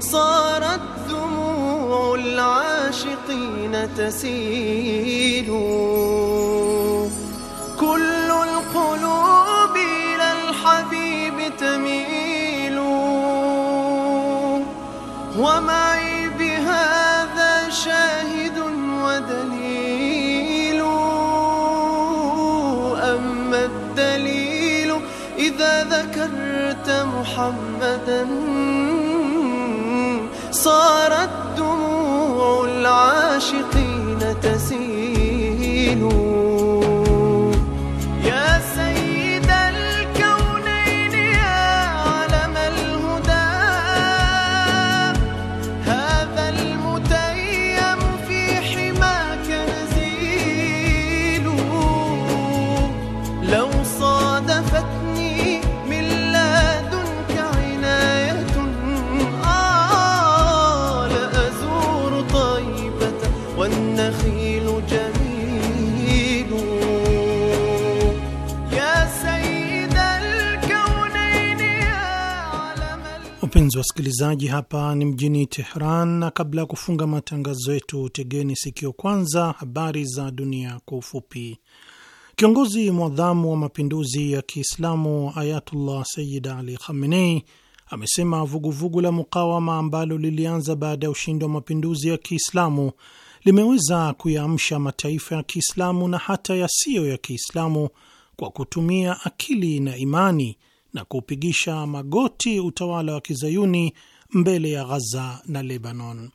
صارت دموع العاشقين تسيل صارت Wapenzi wasikilizaji, hapa ni mjini Tehran, na kabla ya kufunga matangazo yetu, tegeni sikio kwanza habari za dunia kwa ufupi. Kiongozi mwadhamu wa mapinduzi ya Kiislamu Ayatullah Sayyid Ali Khamenei amesema vuguvugu la mukawama ambalo lilianza baada ya ushindi wa mapinduzi ya Kiislamu limeweza kuyaamsha mataifa ya Kiislamu na hata yasiyo ya Kiislamu kwa kutumia akili na imani na kupigisha magoti utawala wa kizayuni mbele ya Ghaza na Lebanon.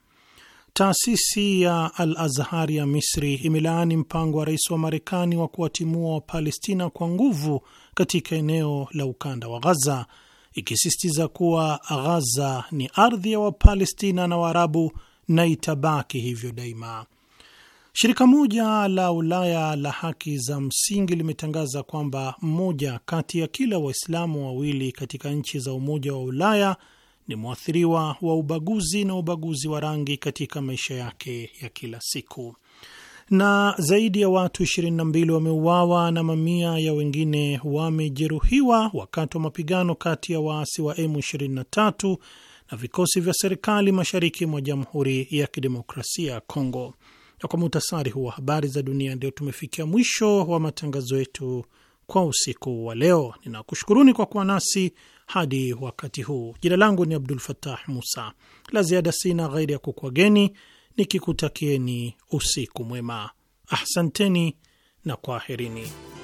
Taasisi ya Al Azhar ya Misri imelaani mpango wa rais wa Marekani wa kuwatimua Wapalestina kwa nguvu katika eneo la ukanda wa Ghaza, ikisisitiza kuwa Ghaza ni ardhi ya Wapalestina na Waarabu na itabaki hivyo daima. Shirika moja la Ulaya la haki za msingi limetangaza kwamba mmoja kati ya kila Waislamu wawili katika nchi za Umoja wa Ulaya ni mwathiriwa wa ubaguzi na ubaguzi wa rangi katika maisha yake ya kila siku, na zaidi ya watu 22 wameuawa na mamia ya wengine wamejeruhiwa wakati wa mapigano kati ya waasi wa M23 na vikosi vya serikali mashariki mwa Jamhuri ya Kidemokrasia ya Kongo. Na kwa muhtasari huu wa habari za dunia, ndio tumefikia mwisho wa matangazo yetu kwa usiku wa leo. Ninakushukuruni kwa kuwa nasi hadi wakati huu. Jina langu ni Abdul fatah Musa. La ziada sina ghairi ya kukwageni nikikutakieni usiku mwema. Ahsanteni na kwaherini.